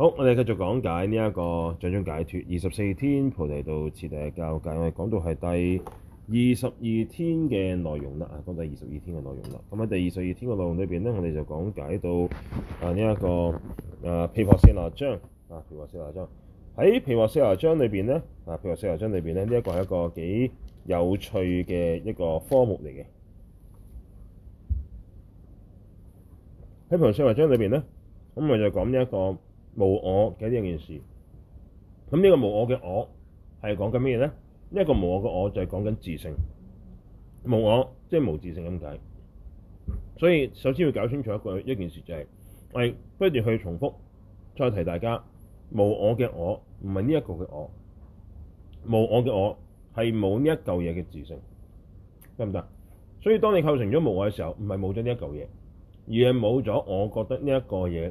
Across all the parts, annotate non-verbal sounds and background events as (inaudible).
好，我哋繼續講解呢一個掌中解脫二十四天菩提道次第嘅教界。我哋講到係第二十二天嘅內容啦，啊，講到二十二天嘅內容啦。咁喺第二十二天嘅內、內容裏邊咧，我哋就講解到啊呢、啊琵四呢、這個、一個啊毗缽舍那章、啊毗缽舍那章，喺毗缽舍那章裏邊咧，啊毗缽舍那章裏邊咧，呢一個係一個幾有趣嘅一個科目嚟嘅。喺毗缽舍那章裏邊咧，咁、嗯、我就講呢、這、一個。無我嘅呢件事，咁呢個無我嘅我係講緊咩咧？呢一個無我嘅我就係講緊自性，無我即係無自性咁解。所以首先要搞清楚一個一件事就係我哋不斷去重複再提大家，無我嘅我唔係呢一個嘅我，無我嘅我係冇呢一嚿嘢嘅自性，得唔得？所以當你構成咗無我嘅時候，唔係冇咗呢一嚿嘢，而係冇咗我覺得呢一個嘢。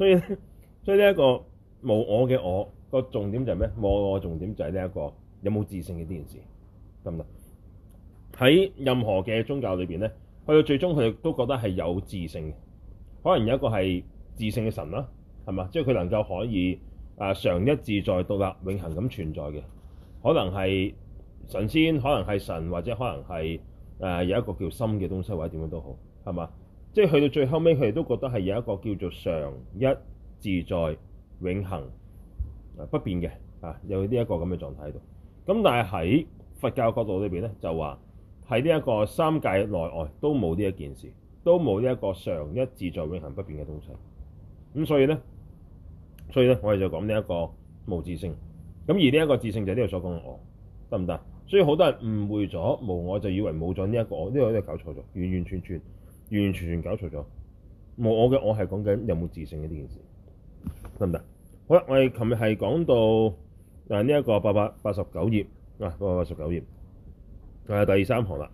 所以所以呢，這一個冇我嘅我個重，重點就係咩，這個？冇我嘅重點就係呢一個有冇自性嘅呢件事咁啦。喺任何嘅宗教裏邊咧，去到最終佢哋都覺得係有自性嘅。可能有一個係自性嘅神啦，係嘛？即係佢能夠可以誒常、啊、一自在獨立永恆咁存在嘅。可能係神仙，可能係神，或者可能係誒、啊、有一個叫心嘅東西，或者點樣都好，係嘛？即係去到最後尾，佢哋都覺得係有一個叫做常一自在、永恆不變嘅啊，有呢一個咁嘅狀態喺度。咁但係喺佛教角度裏邊咧，就話喺呢一個三界內外都冇呢一件事，都冇呢一個常一自在、永恆不變嘅東西。咁所以咧，所以咧，我哋就講呢一個無自性。咁而呢一個自性就係呢度所講嘅我，得唔得？所以好多人誤會咗無我，就以為冇咗呢一個我，呢、這個都搞錯咗，完完全全。完完全全搞錯咗。冇我嘅，我係講緊有冇自性嘅呢件事，得唔得？好啦，我哋琴日係講到誒呢一個八百八十九頁，嗱，八百八十九頁係、啊、第三行啦。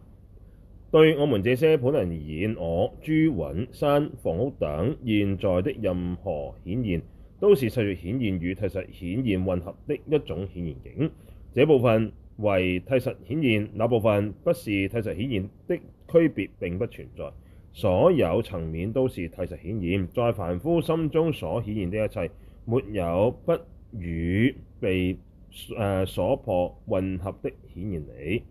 對我們這些普通人而言，我諸蘊山房屋等現在的任何顯現，都是世俗顯現與諦實顯現混合的一種顯現境。這部分為諦實顯現，那部分不是諦實顯現的區別並不存在。所有層面都是諦實顯現，在凡夫心中所顯現的一切，沒有不與被誒、呃、所破混合的顯現理。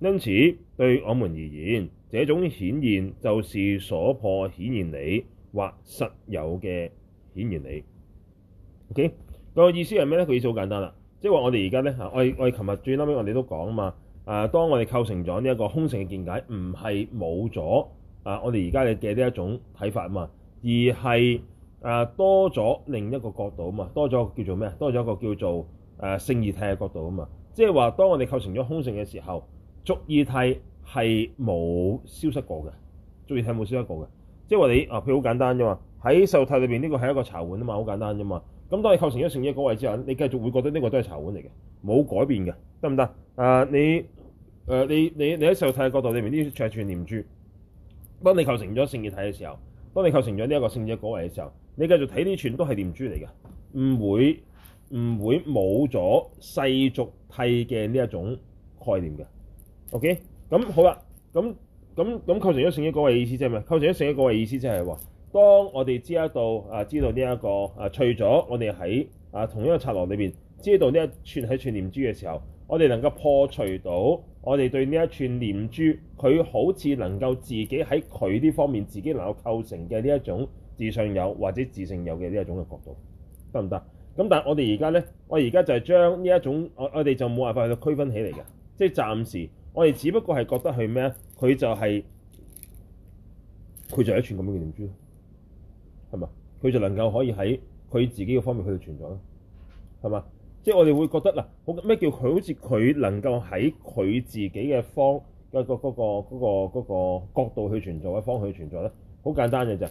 因此對我們而言，這種顯現就是所破顯現理或實有嘅顯現理。OK，個意思係咩呢？佢、那個、意思好簡單啦，即係話我哋而家呢，嚇，我昨天最我哋琴日最後尾我哋都講啊嘛。誒、呃，當我哋構成咗呢一個空性嘅見解，唔係冇咗。啊！我哋而家嘅嘅呢一種睇法啊嘛，而係啊多咗另一個角度啊嘛，多咗叫做咩？多咗一個叫做誒勝、啊、義諦嘅角度啊嘛。即係話，當我哋構成咗空性嘅時候，世俗諦係冇消失過嘅，世俗諦冇消失過嘅。即係話你啊，譬如好簡單啫嘛，喺世俗諦裏邊呢個係一個茶碗啊嘛，好簡單啫嘛。咁當你構成咗勝義嗰位之後，你繼續會覺得呢個都係茶碗嚟嘅，冇改變嘅，得唔得啊？你誒、啊、你你你喺世俗嘅角度裏邊，呢啲釣住黏住。當你構成咗聖潔體嘅時候，當你構成咗呢一個聖潔果位嘅時候，你繼續睇呢串都係念珠嚟嘅，唔會唔會冇咗世俗諦嘅呢一種概念嘅。OK，咁好啦、啊，咁咁咁構成咗聖潔果位嘅意思即係咩？構成咗聖潔果位嘅意思即係話，當我哋知道啊，知道呢、這、一個啊，除咗我哋喺啊同一個策羅裏面知道呢一串喺串、啊、念珠嘅時候，我哋能夠破除到。我哋對呢一串念珠，佢好似能夠自己喺佢呢方面，自己能夠構成嘅呢一種自上有或者自性有嘅呢一種嘅角度，得唔得？咁但係我哋而家咧，我而家就係將呢一種，我我哋就冇辦法去到區分起嚟嘅，即係暫時，我哋只不過係覺得係咩？佢就係、是、佢就係一串咁樣嘅念珠，係嘛？佢就能夠可以喺佢自己嘅方面，去到存在啦，係嘛？即係我哋會覺得嗱，好咩叫佢好似佢能夠喺佢自己嘅方嘅、個嗰、個嗰、個嗰、個角度去存在嘅方去存在咧？好簡單嘅啫。誒、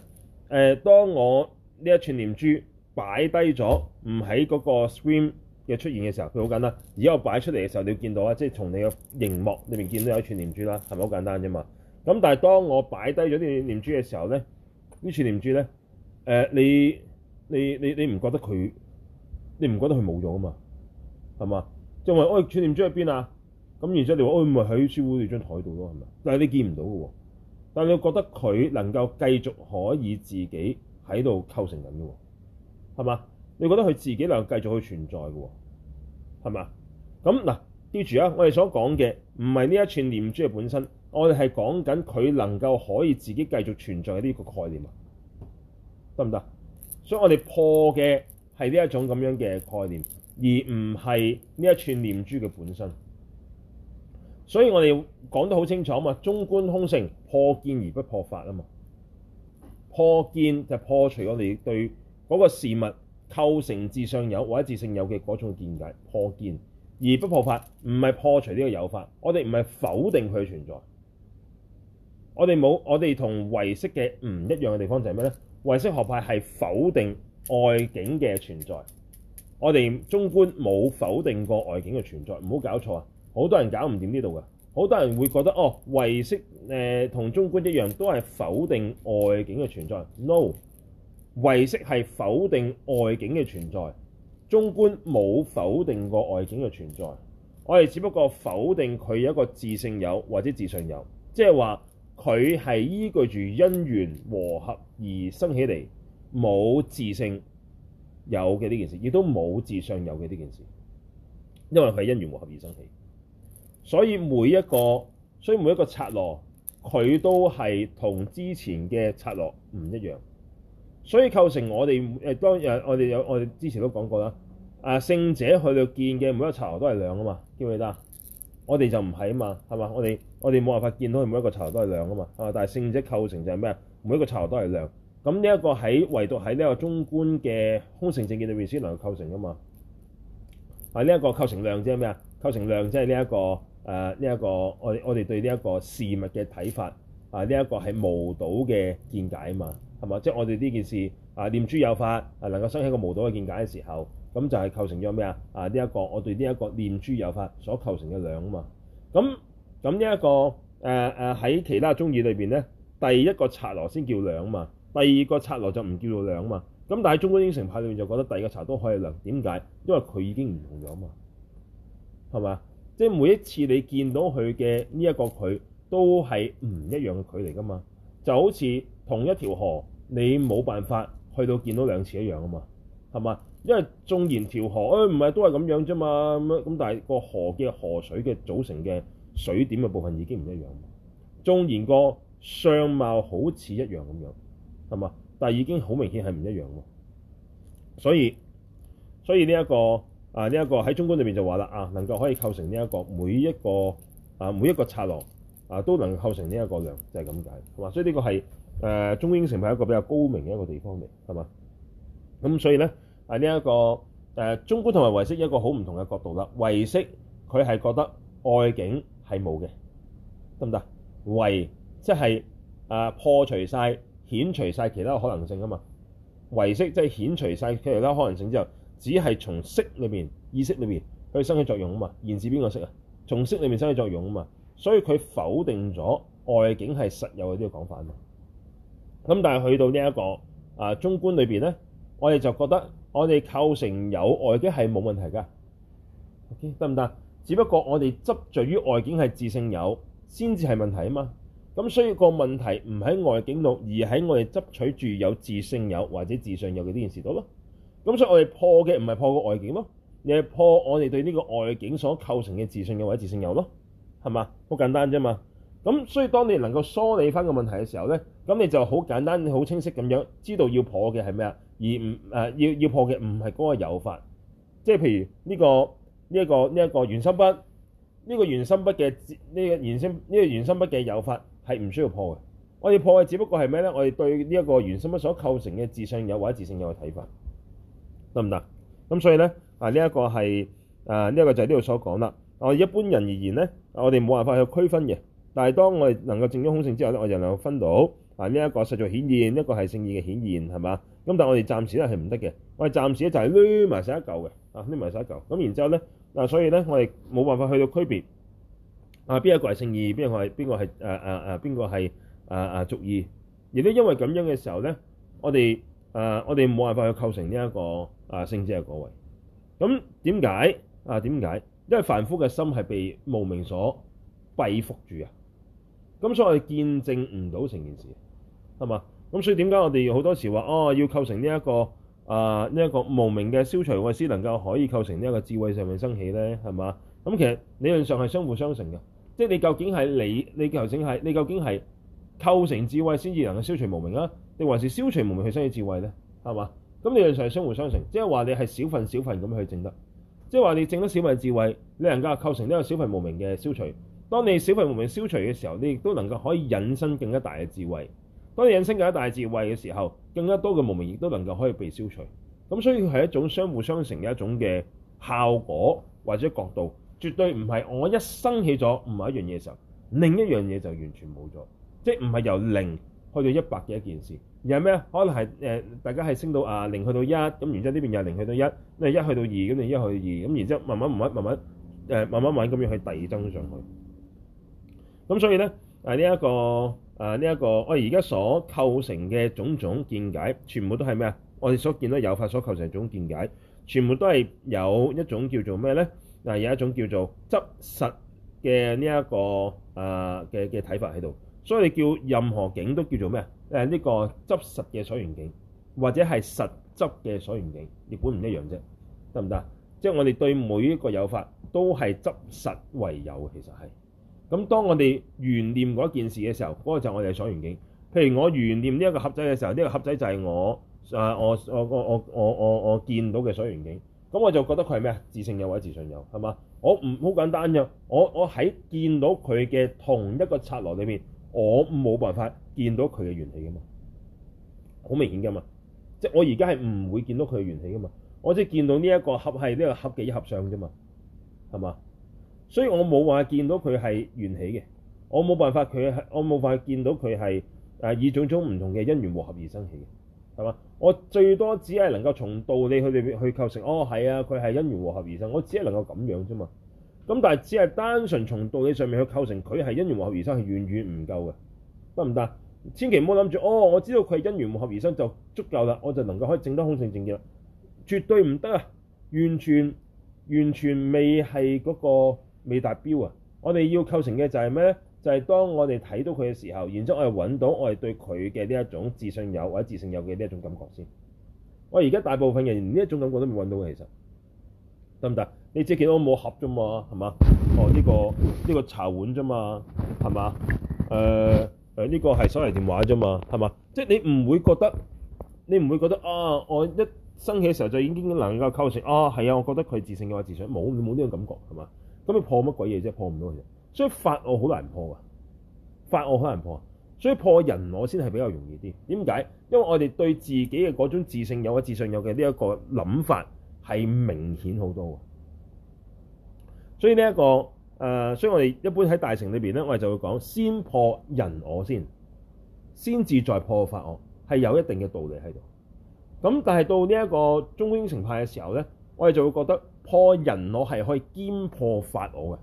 呃，當我呢一串念珠擺低咗，唔喺嗰個 screen 嘅出現嘅時候，佢好簡單。而家我擺出嚟嘅時候，你要見到啊，即係從你嘅熒幕裏面見到有一串念珠啦，係咪好簡單啫嘛？咁但係當我擺低咗呢串念珠嘅時候咧，呢串念珠咧，誒，你你你你唔覺得佢，你唔覺得佢冇咗啊嘛？係嘛？即係我，我串念珠喺邊啊？咁然之後你話，哦，唔係喺書櫃張台度咯，係咪？但係你見唔到嘅，但係你覺得佢能夠繼續可以自己喺度構成緊嘅，係嘛？你覺得佢自己能夠繼續去存在嘅，係嘛？咁嗱，記住啊，我哋所講嘅唔係呢一串念珠嘅本身，我哋係講緊佢能夠可以自己繼續存在嘅呢個概念啊，得唔得？所以我哋破嘅係呢一種咁樣嘅概念。而唔係呢一串念珠嘅本身，所以我哋講得好清楚啊嘛！中觀空性破見而不破法啊嘛！破見就破除我哋對嗰個事物構成自上有或者自性有嘅嗰種見解，破見而不破法，唔係破除呢個有法，我哋唔係否定佢存在，我們沒有。我哋冇，我哋同唯識嘅唔一樣嘅地方就係咩呢？唯識學派係否定外境嘅存在。我哋中觀冇否定過外境嘅存在，唔好搞錯啊！好多人搞唔掂呢度㗎，好多人會覺得哦，唯識誒同中觀一樣都係否定外境嘅存在。No，唯識係否定外境嘅存在，中觀冇否定過外境嘅存在。我哋只不過否定佢有一個自性有或者自性有，即係話佢係依據住因緣和合而生起嚟，冇自性。有嘅呢件事，亦都冇自性有嘅呢件事，因為佢係因緣和合而生起，所以每一個，所以每一個剎那，佢都係同之前嘅剎那唔一樣，所以構成我哋誒、呃，當然、呃、我哋有，我哋之前都講過啦，啊聖者去到見嘅每一個剎那都係亮啊嘛，記唔記得啊？我哋就唔係啊嘛，係嘛？我哋我哋冇辦法見到佢每一個剎那都係亮啊嘛，係嘛？但係聖者構成就係咩啊？每一個剎那都係亮。咁呢一個喺唯獨喺呢個中觀嘅空城正見裏 r e 能 e a 成㗎嘛？啊，呢、這、一個構成量即係咩啊？構成量即係呢一個誒呢一個我我哋對呢一個事物嘅睇法啊，呢、這、一個係無睹嘅見解啊嘛，係嘛？即、就、係、是、我哋呢件事啊念珠有法啊能夠生起一個無睹嘅見解嘅時候，咁就係構成咗咩啊？啊呢一個我對呢一個念珠有法所構成嘅量啊嘛。咁咁呢一個誒誒喺其他中意裏邊咧，第一個策羅先叫量啊嘛。第二個剎那就唔叫做量嘛，咁但係中觀應成派裏面就覺得第二個剎那都可以量，點解？因為佢已經唔同咗嘛，係咪？即係每一次你見到佢嘅呢一個佢都係唔一樣嘅佢嚟㗎嘛，就好似同一條河你冇辦法去到見到兩次一樣啊嘛，係咪？因為縱然條河誒唔係都係咁樣啫嘛，咁咁但係個河嘅河水嘅組成嘅水點嘅部分已經唔一樣。縱然個相貌好似一樣咁樣。係嘛？但係已經好明顯係唔一樣喎，所以所以呢一個啊呢一、這個喺中觀裏邊就話啦啊，能夠可以構成呢、這、一個每一個啊每一個策落啊，都能構成呢一個量，就係咁解係嘛。所以呢個係誒、呃、應成係一個比較高明嘅一個地方嚟係嘛。咁所以咧啊呢、這個呃、一個誒中觀同埋唯識一個好唔同嘅角度啦。唯識佢係覺得外境係冇嘅，得唔得？唯即係啊破除晒。遣除晒其他可能性啊嘛，唯識即係遣除曬其他可能性之後，只係從識裏面意識裏面去生起作用啊嘛。現時邊個識啊？從識裏面生起作用啊嘛。所以佢否定咗外境係實有嘅呢個講法啊嘛。咁但係去到呢、這、一個啊中觀裏邊咧，我哋就覺得我哋構成有外境係冇問題嘅。OK 得唔得？只不過我哋執著於外境係自性有先至係問題啊嘛。咁所以個問題唔喺外境度，而喺我哋執取住有自性、有或者自性有嘅呢件事度咯。咁所以我哋破嘅唔係破個外境咯，你係破我哋對呢個外境所構成嘅自性有或者自性有咯，係嘛？好簡單啫嘛。咁所以當你能夠梳理翻個問題嘅時候咧，咁你就好簡單、好清晰咁樣知道要破嘅係咩啊？而唔、呃、要要破嘅唔係嗰個有法，即係譬如呢、呢個呢一、呢個呢一、呢個呢個原心筆，呢、呢個原心筆嘅呢、呢個原心呢個原心筆嘅有法。係唔需要破嘅，我哋破嘅只不過係咩咧？我哋對呢一個原生物所構成嘅自性有或者自性有嘅睇法，得唔得？咁所以咧啊，呢一個係啊，呢一個就係呢度所講啦。我哋一般人而言咧，我哋冇辦法去區分嘅。但係當我哋能夠證咗空性之後咧，我就能夠分到啊，呢一個世俗顯現，一個係勝義嘅顯現，係嘛？咁但係我哋暫時咧係唔得嘅，我哋暫時咧就係攣埋晒一嚿嘅啊，攣埋晒一嚿。咁然之後咧啊，所以咧我哋冇辦法去到區別。啊！邊一個係勝義？邊個係邊、啊啊啊、個、啊啊啊、俗義。亦都因為咁樣嘅時候咧，我哋誒、啊、我哋冇辦法去構成呢、這、一個啊聖者嘅位。咁點解？啊點解？因為凡夫嘅心係被無明所閉覆住啊。咁所以我哋見證唔到成件事，係嘛？咁所以點解我哋好多時話哦，要構成呢、這、一個啊呢一、這個、無明嘅消除衛，先能夠可以構成呢一個智慧上面升起咧，係嘛？咁其實理論上係相輔相成嘅。即係你究竟係你，你究竟係你究竟係構成智慧先至能夠消除無明啊？定還是消除無明去增益智慧呢？係嘛？咁理論上係相互相成，即係話你係小份小份咁去證得，即係話你證得小份智慧，你能夠構成呢個小份無明嘅消除。當你小份無明消除嘅時候，你亦都能夠可以引申更加大嘅智慧。當你引申更加大的智慧嘅時候，更加多嘅無明亦都能夠可以被消除。咁所以係一種相互相成嘅一種嘅效果或者角度。絕對唔係我一生起咗某一樣嘢嘅時候，另一樣嘢就完全冇咗，即係唔係由零去到一百嘅一件事，而係咩啊？可能係誒大家係升到啊零去到一，咁然之後呢邊又係零去到一，咁一去到二，咁你一去到二，咁然之後慢慢慢慢慢慢誒慢慢慢咁樣去遞增上去。咁所以咧誒呢一個誒呢一個我哋而家所構成嘅種種見解，全部都係咩啊？我哋所見到有法所構成嘅種見解，全部都係有一種叫做咩咧？嗱，有一種叫做執實嘅呢一個誒嘅嘅睇法喺度，所以叫任何境都叫做咩啊？誒、這、呢個執實嘅所緣境，或者係實執嘅所緣境，你本唔一樣啫，得唔得？即係我哋對每一個有法都係執實為有，其實係。咁當我哋緣念嗰件事嘅時候，嗰、那個就係我哋所緣境。譬如我緣念呢一個盒仔嘅時候，呢、這個盒仔就係我誒我我我我我我見到嘅所緣境。咁我就覺得佢係咩啊？自性有或者自信有，係嘛？我唔好簡單啫。我我喺見到佢嘅同一個策羅裏面，我冇辦法見到佢嘅緣起噶嘛。好明顯噶嘛，即係我而家係唔會見到佢嘅緣起噶嘛。我只見到呢一個合係呢個合嘅一合相啫嘛，係嘛？所以我冇話見到佢係緣起嘅。我冇辦法佢係，我冇法見到佢係誒以種種唔同嘅因緣和合而生起嘅。係嘛？我最多只係能夠從道理去裡邊去構成。哦係啊，佢係因緣和合而生，我只係能夠咁樣啫嘛。咁但係只係單純從道理上面去構成佢係因緣和合而生係遠遠唔夠嘅，得唔得？千祈唔好諗住，哦，我知道佢係因緣和合而生就足夠啦，我就能夠可以證得空性正見啦，絕對唔得啊！完全完全未係嗰、那個未達標啊！我哋要構成嘅就係咩？就係、是、當我哋睇到佢嘅時候，然之後我哋揾到我哋對佢嘅呢一種自性有或者自性有嘅呢一種感覺先。我而家大部分人連呢一種感覺都未揾到嘅，其實得唔得？你只見到個木盒啫嘛，係嘛？哦，呢、這個呢、這個茶碗啫嘛，係嘛？呢、呃呃這個係手提電話啫嘛，係嘛？即、就、係、是、你唔會覺得，你唔會覺得啊，我一生起嘅時候就已經能夠構成啊，係啊，我覺得佢自性有或自性冇，冇呢種感覺係嘛？咁你破乜鬼嘢啫？破唔到嘅。所以法我好難破㗎，法我好難破，所以破人我先係比較容易啲。點解？因為我哋對自己嘅嗰種自性有、自信有嘅呢一個諗法係明顯好多嘅。所以呢一個誒，所以我哋一般喺大乘裏面咧，我哋就會講先破人我先，先至再破法我，係有一定嘅道理喺度。咁但係到呢一個中觀應成派嘅時候咧，我哋就會覺得破人我係可以兼破法我嘅。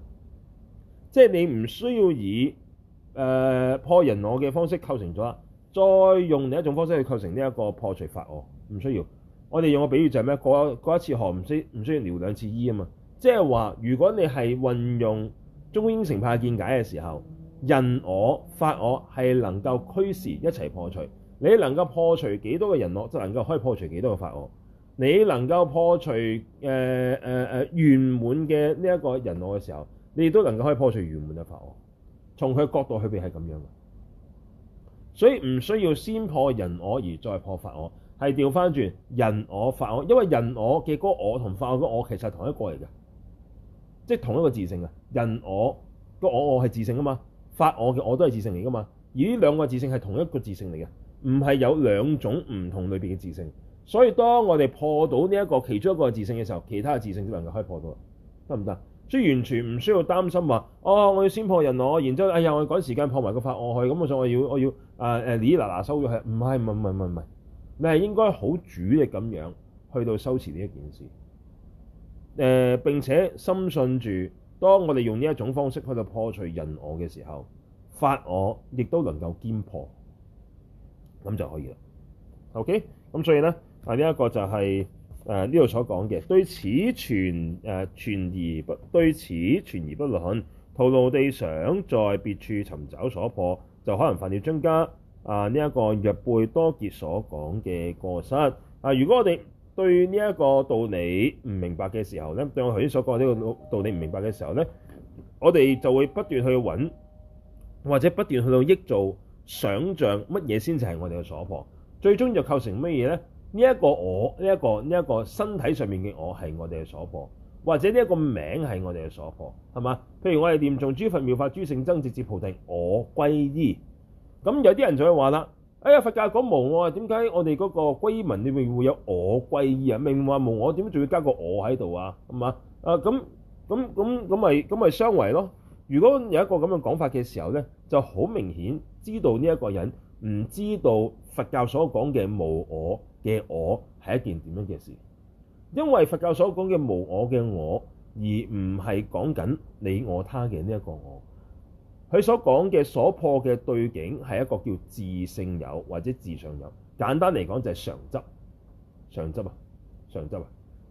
即係你唔需要以，呃、破人我嘅方式構成咗，再用另一種方式去構成呢一個破除法我，唔需要。我哋用個比喻就係咩？過一一次河唔需唔需要撩兩次衣、e、啊嘛。即係話，如果你係運用中觀應成派嘅見解嘅時候，人我法我係能夠驅使一齊破除。你能夠破除幾多個人我，就能夠可以破除幾多個法我。你能夠破除誒誒誒圓滿嘅呢一個人我嘅時候，你都能夠可以破除圓滿嘅法我，從佢角度去睇係咁樣嘅，所以唔需要先破人我而再破法我，係調翻轉人我法我，因為人我嘅我同法我嘅我其實係同一個嚟嘅，即係同一個自性啊！人我個我我係自性啊嘛，法我嘅我都係自性嚟噶嘛，而呢兩個自性係同一個自性嚟嘅，唔係有兩種唔同類別嘅自性，所以當我哋破到呢一個其中一個自性嘅時候，其他嘅自性都能夠可以破到啦，得唔得？即係完全唔需要擔心話，哦，我要先破人我，然之後，哎呀，我要趕時間破埋個法我去，咁我想我要我要啊誒呢嗱嗱收咗，係唔係唔係唔係唔係唔係，你係應該好主力咁樣去到修持呢一件事，誒、呃、並且深信住，當我哋用呢一種方式去到破除人我嘅時候，法我亦都能夠兼破，咁就可以啦。OK，咁、嗯、所以咧，啊呢一個就係、是。誒呢度所講嘅，對此存誒存而不，對此存而不論，徒勞地想在別處尋找所破，就可能犯了章嘉啊呢一，這個若貝多傑所講嘅過失。啊，如果我哋對呢一個道理唔明白嘅時候呢，對我頭先所講呢個道理唔明白嘅時候呢，我哋就會不斷去揾，或者不斷去到益做想像乜嘢先至係我哋嘅所破，最終就構成乜嘢呢？呢一個我，呢一個呢一個身體上面嘅我係我哋嘅所破，或者呢一個名係我哋嘅所破，係嘛？譬如我哋念誦諸佛妙法諸聖僧，直至菩提我歸依。咁有啲人就會話啦，哎呀，佛教講無我，點解我哋嗰個歸文裡面會有我歸依啊？明明話無我，點解仲要加個我喺度啊？係嘛？啊咁咁咁咁咪咁咪相違咯。如果有一個咁嘅講法嘅時候咧，就好明顯知道呢一個人唔知道佛教所講嘅無我。嘅我係一件點樣嘅事？因為佛教所講嘅無我嘅我，而唔係講緊你我他嘅呢一個我。佢所講嘅所破嘅對境係一個叫自性有或者自上有。簡單嚟講就係常執常執啊，常執啊。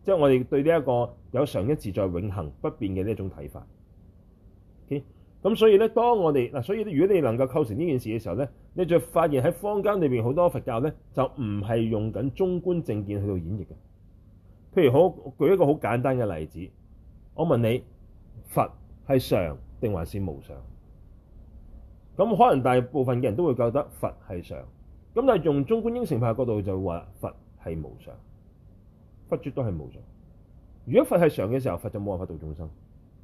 即係我哋對呢一個有常一自在、永恆不變嘅呢一種睇法。咁所以咧，當我哋嗱，所以如果你能夠構成呢件事嘅時候咧，你就發現喺坊間裏面好多佛教咧就唔係用緊中觀正見去到演繹嘅。譬如好舉一個好簡單嘅例子，我問你佛係常定還是無常？咁可能大部分嘅人都會覺得佛係常，咁但係用中觀應成派角度就會話佛係無常，佛絕對係無常。如果佛係常嘅時候，佛就冇辦法度眾生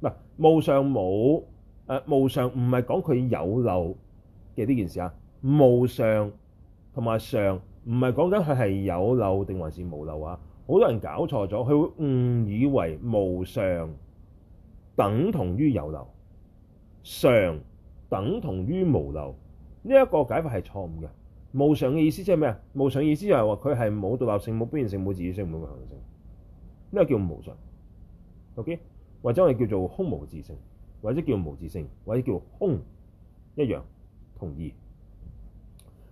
嗱。無常冇。誒、呃、無常唔係講佢有漏嘅呢件事啊，無常同埋常唔係講緊佢係有漏定還是無漏啊，好多人搞錯咗，佢會誤以為無常等同於有漏，常等同於無漏，呢、這、一個解法係錯誤嘅。無常嘅意思即係咩啊？無常嘅意思就係話佢係冇獨立性、冇必然性、冇自主性、冇可能性。咩叫無常？OK，或者我哋叫做空無自性。或者叫無自性，或者叫空一樣，同意。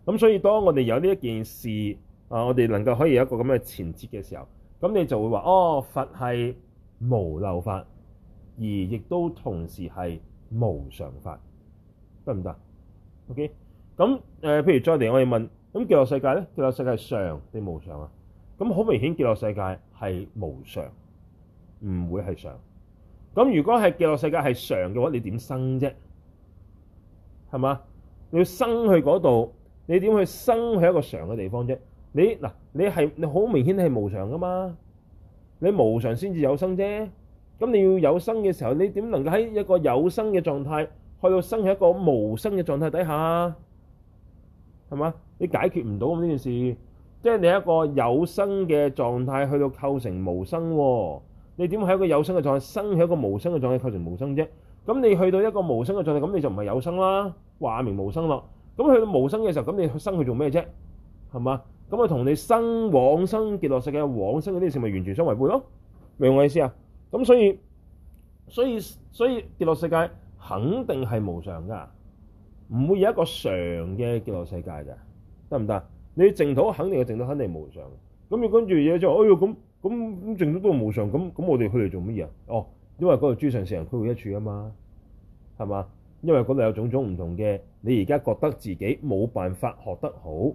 咁所以當我哋有呢一件事啊，我哋能夠可以有一個咁嘅前設嘅時候，咁你就會話：哦，佛係無漏法，而亦都同時係無常法，得唔得？OK，咁誒、呃，譬如再嚟，我哋問：咁極樂世界咧？極樂世界係常定無常啊？咁好明顯，極樂世界係無常，唔會係常。不會是常。咁如果係記錄世界係常嘅話，你點生啫？係嘛？你要生去嗰度，你點去生去一個常嘅地方啫？你嗱，你係你好明顯係無常噶嘛？你無常先至有生啫。咁你要有生嘅時候，你點能夠喺一個有生嘅狀態去到生喺一個無生嘅狀態底下？係嘛？你解決唔到咁呢件事，即係你一個有生嘅狀態去到構成無生喎。你點會喺一個有生嘅狀態？生係一個無生嘅狀態構成無生啫。咁你去到一個無生嘅狀態，咁你就唔係有生啦，話明無生咯。咁去到無生嘅時候，咁你生去做咩啫？係嘛？咁啊，同你生往生極樂世界，往生嗰啲事咪完全相違背咯？明我意思啊？咁所以，所以，所以極樂世界肯定係無常噶，唔會有一個常嘅極樂世界㗎，得唔得？你淨土肯定係淨土，肯定係無常。咁要跟住嘢就說，哎喲咁。咁咁淨土都無常，咁咁我哋去嚟做乜嘢啊？哦，因為嗰度諸上善人俱會一處啊嘛，係嘛？因為嗰度有種種唔同嘅，你而家覺得自己冇辦法學得好，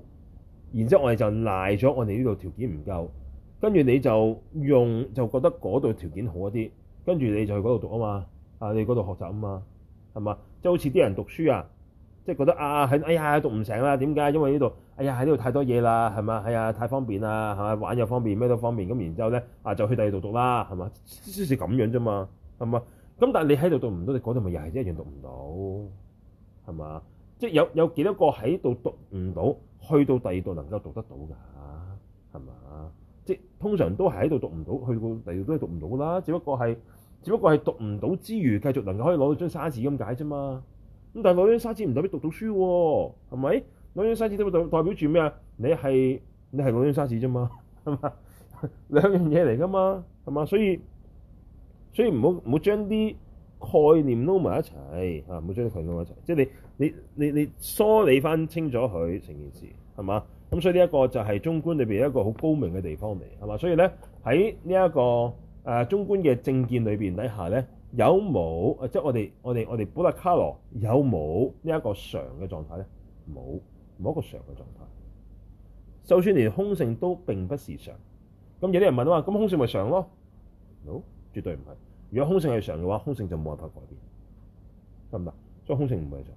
然之後我哋就賴咗我哋呢度條件唔夠，跟住你就用就覺得嗰度條件好一啲，跟住你就去嗰度讀啊嘛，啊你嗰度學習啊嘛，係嘛？即係好似啲人讀書啊，即係覺得啊喺哎呀讀唔成啦，點解？因為呢度。哎呀，喺呢度太多嘢啦，係嘛？哎呀，太方便啦，係嘛？玩又方便，咩都方便。咁然之後咧，啊就去第二度讀啦，係嘛？即是咁樣啫嘛，係嘛？咁但係你喺度讀唔到，你嗰度咪又係一樣讀唔到，係嘛？即係有有幾多個喺度讀唔到，去到第二度能夠讀得到㗎？係嘛？即係通常都係喺度讀唔到，去到第二度都係讀唔到啦。只不過係，只不過係讀唔到之餘，繼續能夠可以攞到一張沙紙咁解啫嘛。咁但係攞張沙紙唔代表讀到書喎，係咪？攞沙子都代代表住咩啊？你係你係攞沙士啫嘛，係嘛？ (laughs) 兩樣嘢嚟噶嘛，係嘛？所以所以唔好唔好將啲概念攞埋一齊，唔好將啲概念攞埋一齊。即係你你你你梳理翻清咗佢成件事，係嘛？咁所以呢一個就係中觀裏面一個好高明嘅地方嚟，係嘛？所以咧喺呢一個、呃、中觀嘅正見裏面底下咧，有冇啊？即係我哋我哋我哋波羅卡羅有冇呢一個常嘅狀態咧？冇。冇一個常嘅狀態，就算連空性都並不是常。咁有啲人問啊嘛，咁空性咪常咯？好、no? 絕對唔係。如果空性係常嘅話，空性就冇辦法改變，得唔得？所以空性唔係常。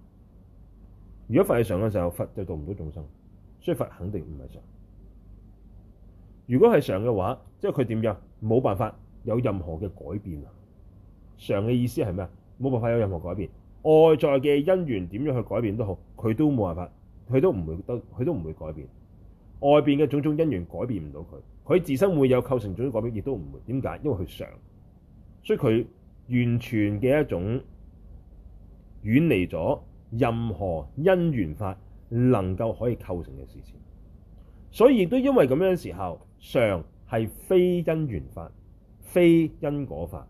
如果佛係常嘅時候，佛就度唔到眾生，所以佛肯定唔係常。如果係常嘅話，即係佢點樣冇辦法有任何嘅改變啊？常嘅意思係咩啊？冇辦法有任何改變，外在嘅因緣點樣去改變都好，佢都冇辦法。佢都唔會佢都唔會改變。外邊嘅種種因緣改變唔到佢，佢自身會有構成的種種改變，亦都唔會。點解？因為佢常，所以佢完全嘅一種遠離咗任何因緣法能夠可以構成嘅事情。所以亦都因為咁樣嘅時候，常係非因緣法，非因果法，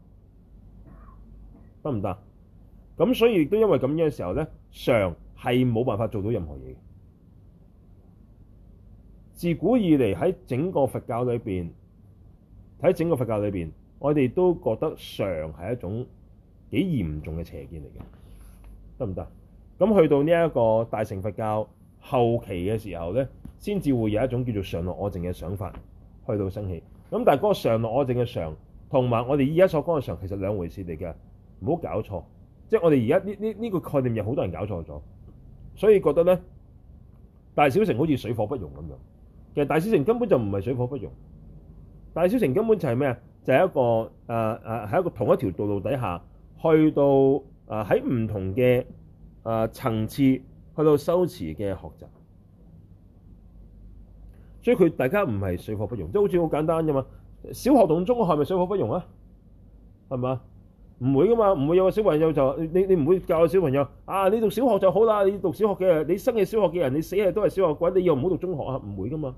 得唔得？咁所以亦都因為咁樣嘅時候呢，常係冇辦法做到任何嘢。自古以嚟喺整個佛教裏邊，喺整個佛教裏邊，我哋都覺得常係一種幾嚴重嘅邪見嚟嘅，得唔得？咁去到呢一個大乘佛教後期嘅時候咧，先至會有一種叫做常樂我淨嘅想法去到升起。咁但係嗰個常樂我淨嘅常同埋我哋而家所講嘅常，其實兩回事嚟嘅，唔好搞錯。即係我哋而家呢呢呢個概念有好多人搞錯咗，所以覺得咧，大小乘好似水火不容咁樣。其實大小乘根本就唔係水火不容，大小乘根本就係咩啊？就係、是、一個誒誒，喺、呃呃、一個同一條道路底下，去到誒喺唔同嘅誒、呃、層次，去到修持嘅學習，所以佢大家唔係水火不容，即係好似好簡單啫嘛。小學同中學係咪水火不容啊？係咪啊？唔會噶嘛，唔會有個小朋友就你你唔會教個小朋友啊！你讀小學就好啦，你讀小學嘅你生係小學嘅人，你死係都係小學鬼，你又唔好讀中學啊！唔會噶嘛，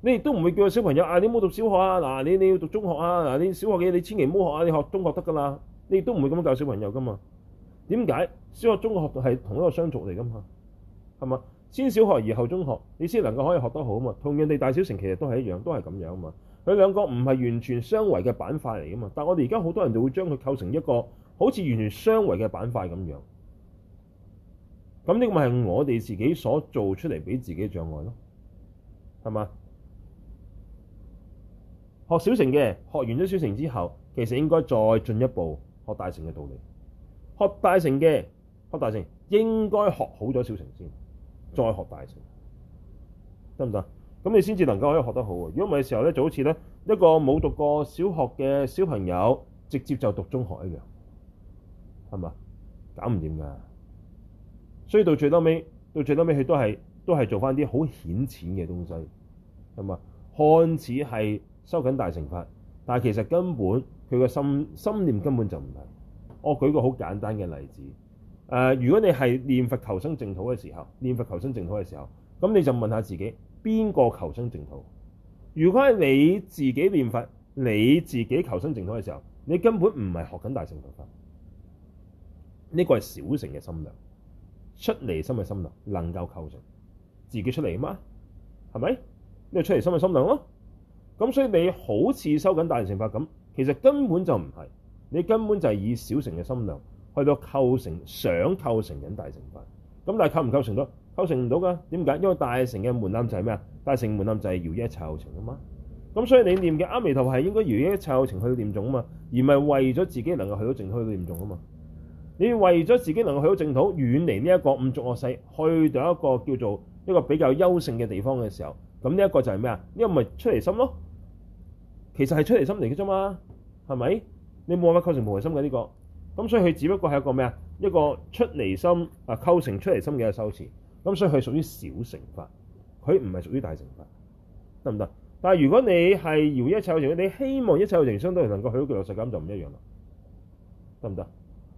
你亦都唔會叫個小朋友啊！你唔好讀小學啊！嗱，你你要讀中學啊！嗱，你小學嘅嘢你千祈唔好學啊！你學中學得噶啦，你亦都唔會咁教小朋友噶嘛？點解小學中學係同一個相續嚟噶嘛？係嘛？先小學而後中學，你先能夠可以學得好啊嘛！同人哋大小乘其實都係一樣，都係咁樣啊嘛！佢兩個唔係完全相違嘅板塊嚟噶嘛，但我哋而家好多人就會將佢構成一個好似完全相違嘅板塊咁樣。咁呢個咪係我哋自己所做出嚟俾自己嘅障礙咯，係嘛？學小成嘅，學完咗小成之後，其實應該再進一步學大成嘅道理。學大成嘅，學大成應該學好咗小成先，再學大成，得唔得？咁你先至能夠可以學得好，如果唔係嘅時候咧，就好似咧，一個冇讀過小學嘅小朋友，直接就讀中學一樣，係嘛？搞唔掂㗎。所以到最多尾，到最多尾，佢都係都係做翻啲好顯淺嘅東西，係嘛？看似係收緊大乘法，但係其實根本佢個心心念根本就唔係。我舉個好簡單嘅例子，呃，如果你係念佛求生淨土嘅時候，念佛求生淨土嘅時候，咁你就問下自己。邊個求生淨土？如果係你自己練法，你自己求生淨土嘅時候，你根本唔係學緊大乘佛法，呢個係小乘嘅心量，出離心嘅心量能夠構成自己出嚟嘛？係咪？呢個出離心嘅心量咯。咁所以你好似修緊大乘法咁，其實根本就唔係，你根本就係以小乘嘅心量去到構成想構成緊大乘法，咁但係構唔構成到？構成唔到噶，點解？因為大乘嘅門檻就係咩啊？大乘門檻就係要一切有情啊嘛。咁所以你念嘅阿彌陀佛係應該要一切有情去到念眾啊嘛，而唔係為咗自己能夠去到淨土嘅念眾啊嘛。你為咗自己能夠去到淨土，遠離呢一個五濁惡世，去到一個叫做一個比較優勝嘅地方嘅時候，咁呢一個就係咩啊？呢、這個咪出離心咯。其實係出離心嚟嘅啫嘛，係咪？你冇辦法構成菩提心嘅呢、這個，咁所以佢只不過係一個咩啊？一個出離心啊，構成出離心嘅一個修持。咁所以佢係屬於小乘法，佢唔係屬於大乘法，得唔得？但係如果你係要一切有情，你希望一切有情相對嚟能夠去到腳實感，就唔一樣啦，得唔得？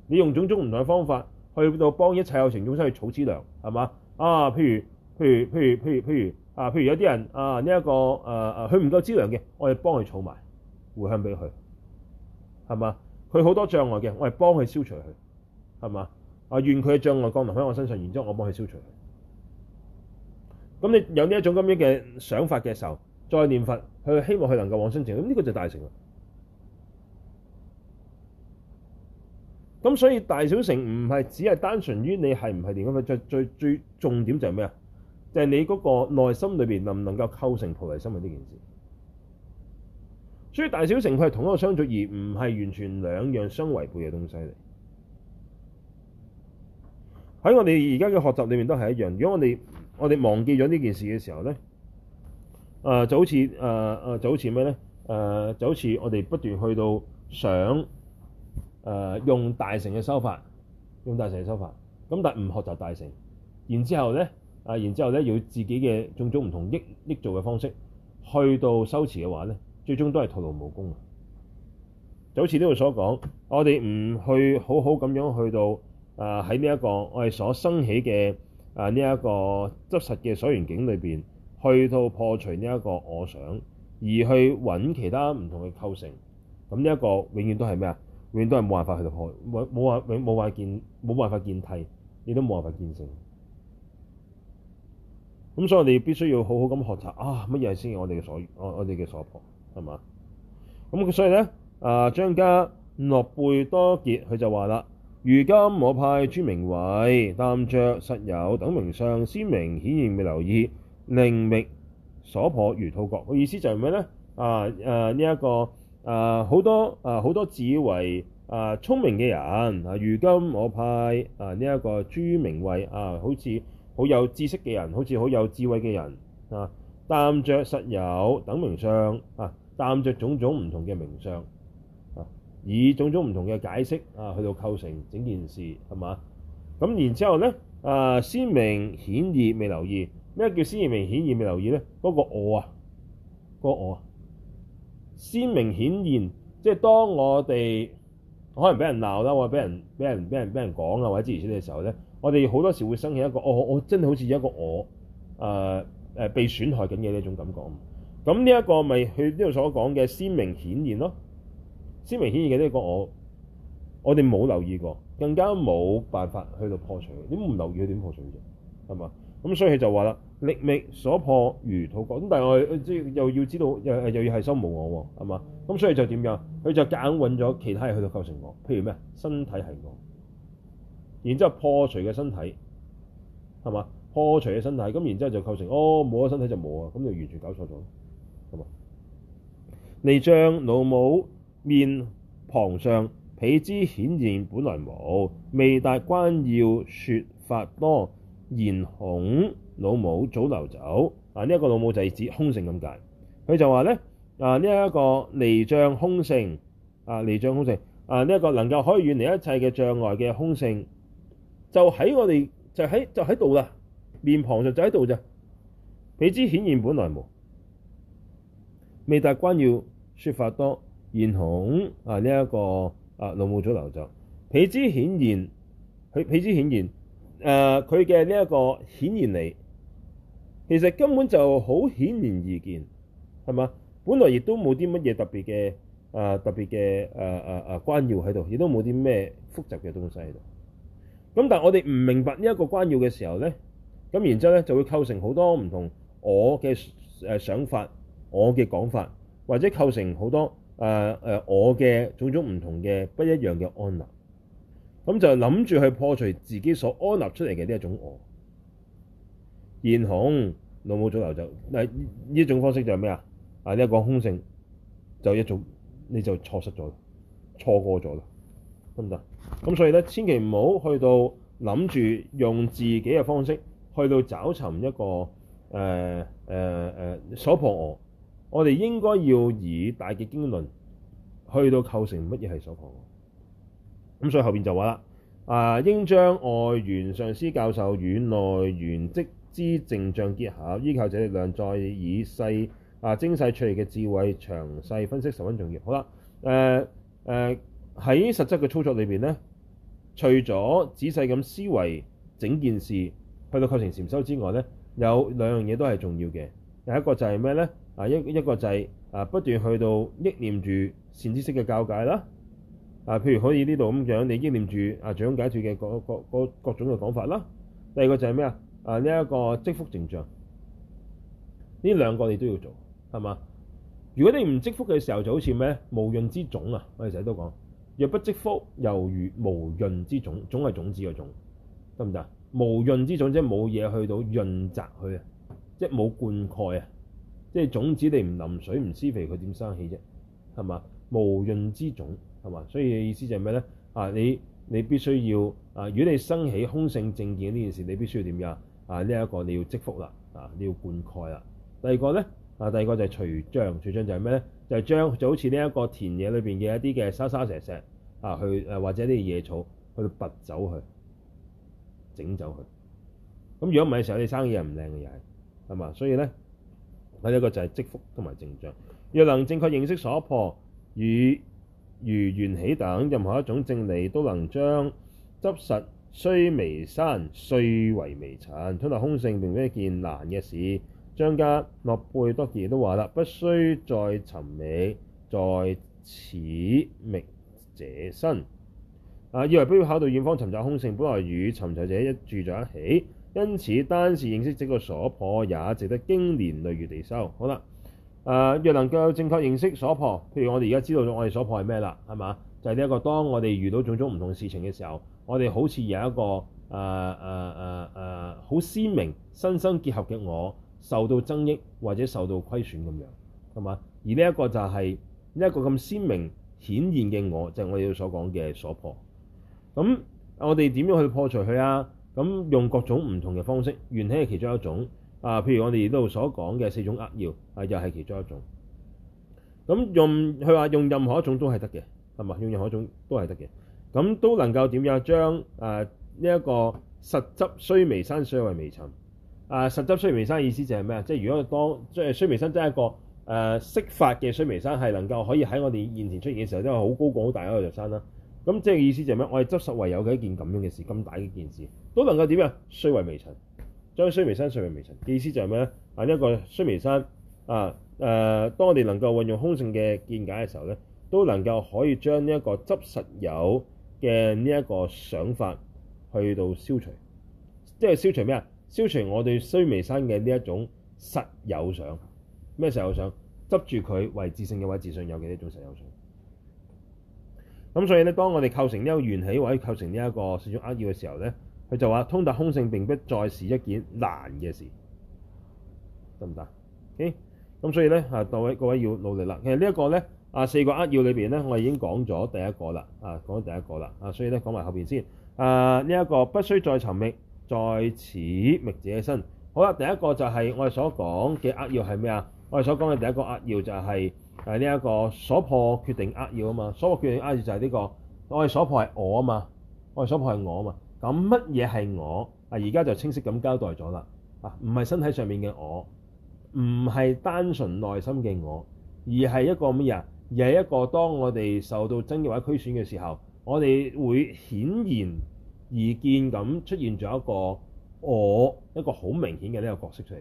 你用種種唔同嘅方法去到幫一切有情，眾生去儲資糧，係嘛啊？譬如譬如譬如譬如譬如啊，譬如有啲人啊呢一、這個誒誒，佢、呃、唔夠資糧嘅，我係幫佢儲埋，回向俾佢，係嘛？佢好多障礙嘅，我係幫佢消除佢，係嘛啊？願佢嘅障礙降臨喺我身上，然之後我幫佢消除佢。咁你有呢一種咁樣嘅想法嘅時候，再念佛，佢希望佢能夠往生情，咁呢個就大乘啦。咁所以大小乘唔係只係單純於你係唔係念佛，最最最重點就係咩啊？就係、是、你嗰個內心裏面能唔能夠構成菩提心嘅呢件事。所以大小乘佢係同一個相續，而唔係完全兩樣相違背嘅東西嚟。喺我哋而家嘅學習裏面都係一樣，如果我哋。我哋忘記咗呢件事嘅時候咧，誒、呃、就好似誒誒就好似咩咧？誒、呃、就好似我哋不斷去到想誒、呃、用大乘嘅修法，用大乘嘅修法，咁但係唔學習大乘，然之後咧，啊然之後咧要自己嘅種種唔同的益益做嘅方式去到修持嘅話咧，最終都係徒勞無功啊！就好似呢度所講，我哋唔去好好咁樣去到誒喺呢一個我哋所生起嘅。啊！呢、這、一個執實嘅所緣境裏面，去到破除呢一個我想，而去揾其他唔同嘅構成，咁呢一個永遠都係咩啊？永遠都係冇辦法去到破，冇冇話永冇話見，冇辦法見體，亦都冇辦法見性。咁所以我哋必須要好好咁學習啊！乜嘢先係我哋嘅所我我哋嘅所破係咪？咁所以咧，啊章嘉若貝多傑佢就話啦。如今我派諸明慧，耽著實有等名相，鮮明顯現未留意，另覓所破如兔角。佢意思就係咩呢？啊啊呢一個啊好多啊好多自以為啊聰明嘅人啊，如今我派啊呢一個諸明慧啊，好似好有知識嘅人，好似好有智慧嘅人啊，耽著實有等名相啊，耽著種種唔同嘅名相。以種種唔同嘅解釋啊，去到構成整件事係嘛？咁然之後咧，啊、呃、鮮明顯現未留意，咩叫鮮明顯現未留意咧？嗰個我啊，嗰個我啊，鮮明顯現，即係當我哋可能俾人鬧啦，或俾人俾人俾人俾人講啊，或者之前出嚟嘅時候咧，我哋好多時會生起一個、哦、一個我我真係好似一個我被損害緊嘅呢種感覺。咁呢一個咪去呢度所講嘅鮮明顯現咯。鮮明顯現嘅，呢係講我，我哋冇留意過，更加冇辦法去到破除。你唔留意，佢點破除啫？係嘛？咁所以就話啦，另覓所破，如兔角咁。但係我即係又要知道，又又要係心無我喎，係嘛？咁所以就點樣？佢就夾硬揾咗其他人去到構成我，譬如咩身體係我，然之後破除嘅身體係嘛？破除嘅身體咁，然之後就構成哦冇咗身體就冇啊，咁就完全搞錯咗係咪？你將老母面龐上，彼之顯現本來無，未達關要説法多。然恐老母早溜走。啊，呢一個老母就係指空性咁解。佢就話咧，啊呢一個離障空性，啊離障空性，啊呢一個能夠可以遠離一切嘅障礙嘅空性就喺，就喺我哋，就喺就喺度啦。面龐上就喺度就，彼之顯現本來無，未達關要説法多。然後啊，呢、這、一個啊老母早溜走彼之顯現，佢彼之顯現誒，佢嘅呢一個顯現嚟，其實根本就好顯然而見係嘛？本來亦都冇啲乜嘢特別嘅啊特別嘅啊啊啊關要喺度，亦都冇啲咩複雜嘅東西喺度。咁但係我哋唔明白呢一個關要嘅時候咧，咁然之後咧就會構成好多唔同我嘅誒想法、我嘅講法，或者構成好多。誒、呃呃、我嘅種種唔同嘅不一樣嘅安立，咁就諗住去破除自己所安立出嚟嘅呢一種我現。然恐老母早溜走就誒呢、呃、種方式就係咩啊？啊、呃，呢一個空性，就一種你就錯失咗，錯過咗啦，得唔得？咁所以咧，千祈唔好去到諗住用自己嘅方式去到找尋一個誒誒、呃呃、所破我。我哋應該要以大嘅經論去到構成乜嘢係所破。咁所以後面就話啦，啊、呃，應將外緣上師教授與內緣積資淨障結合，依靠這力量，再以細啊精細卓越嘅智慧詳細分析，十分重要。好啦，誒喺實質嘅操作裏面咧，除咗仔細咁思維整件事去到構成禪修之外咧，有兩樣嘢都係重要嘅。第一個就係咩咧？啊，一一個制，就係、啊不斷去到憶念住善知識嘅教界啦，啊譬如可以呢度咁樣你憶念住啊長解説嘅各各各，各種嘅講法啦。第二個就係咩啊？啊呢一個積福淨障，呢兩個你都要做，係嘛？如果你唔積福嘅時候，就好似咩無潤之種啊！我哋成日都講，若不積福，猶如無潤之種，種係種子個種，得唔得？無潤之種即係冇嘢去到潤澤去，即係冇灌溉啊！即係種子，你唔淋水唔施肥，佢點生起啫？係嘛？無潤之種係嘛？所以意思就係咩咧？啊，你你必須要啊，如果你生起空性正見呢件事，你必須要點樣？啊，呢、這、一個你要積福啦，啊，你要灌溉啦。第二個咧，啊，第二個就係除障，除障就係咩咧？就係、是、將就好似呢一個田野裏邊嘅一啲嘅沙沙石石啊，去誒、啊、或者啲野草去拔走去，整走佢。咁如果唔係嘅時候，你生意又唔靚嘅又係，係嘛？所以咧。有、啊、一、這個就係積福同埋淨障。若能正確認識所破，如如緣起等任何一種正理，都能將執實須彌山，碎為微塵，通達空性並非一件難嘅事。章嘉若貝多傑都話啦，不須再尋覓，在此覓者身。啊，意為不要跑到遠方尋找空性，本來與尋找者一住在一起。因此，單是認識這個所破也值得經年累月地修。好啦，誒，若能夠正確認識所破，譬如我哋而家知道咗我哋所破係咩啦，係嘛？就係呢一個當我哋遇到種種唔同事情嘅時候，我哋好似有一個誒誒誒誒好鮮明身心結合嘅我受到增益或者受到虧損咁樣，係嘛？而呢一個就係呢一個咁鮮明顯現嘅我，就係、是、我哋要所講嘅所破。咁我哋點樣去破除佢啊？咁用各種唔同嘅方式，緣起係其中一種啊。譬如我哋呢度所講嘅四種扼要啊，又係其中一種。咁、啊、用佢話用任何一種都係得嘅，係嘛？用任何一種都係得嘅。咁、啊、都能夠點樣將啊呢一、這個實執須彌山，碎為微塵。啊。實執須彌山意思就係咩啊？即係如果當即係須彌山真係一個誒釋、啊、法嘅須彌山，係能夠可以喺我哋現前出現嘅時候，都係好高廣好大一個山啦。咁即係意思就係咩？我哋執實為有嘅一件咁樣嘅事，咁大嘅件事。都能夠點啊？碎為微塵，將須彌山，碎為微塵。意思就係咩咧？啊，一個須彌山啊，誒、呃，當我哋能夠運用空性嘅見解嘅時候咧，都能夠可以將呢一個執實有嘅呢一個想法去到消除，即係消除咩啊？消除我對須彌山嘅呢一種實有想。咩實有想？執住佢為自性嘅話，自性有幾多種實有想？咁所以咧，當我哋構成呢個緣起或者構成呢一個小種扼要嘅時候咧。佢就話通達空性並不再是一件難嘅事，得唔得？咁、okay? 所以咧，啊，各位各位要努力啦。其實這個呢一個咧，啊，四個扼要裏邊咧，我已經講咗第一個啦，啊，講咗第一個啦，啊，所以咧講埋後邊先。啊，呢、這、一個不需再尋覓，在此覓者起身。好啦，第一個就係我哋所講嘅扼要係咩啊？我哋所講嘅第一個扼要就係、是、啊呢一、這個所破決定扼要啊嘛。所破決定扼要就係呢、這個，我哋所破係我啊嘛，我哋所破係我啊嘛。咁乜嘢係我？啊，而家就清晰咁交代咗啦。啊，唔係身體上面嘅我，唔係單純內心嘅我，而係一個咩啊？而係一個當我哋受到真嘅或者虧損嘅時候，我哋會顯然而見咁出現咗一個我，一個好明顯嘅呢個角色出嚟。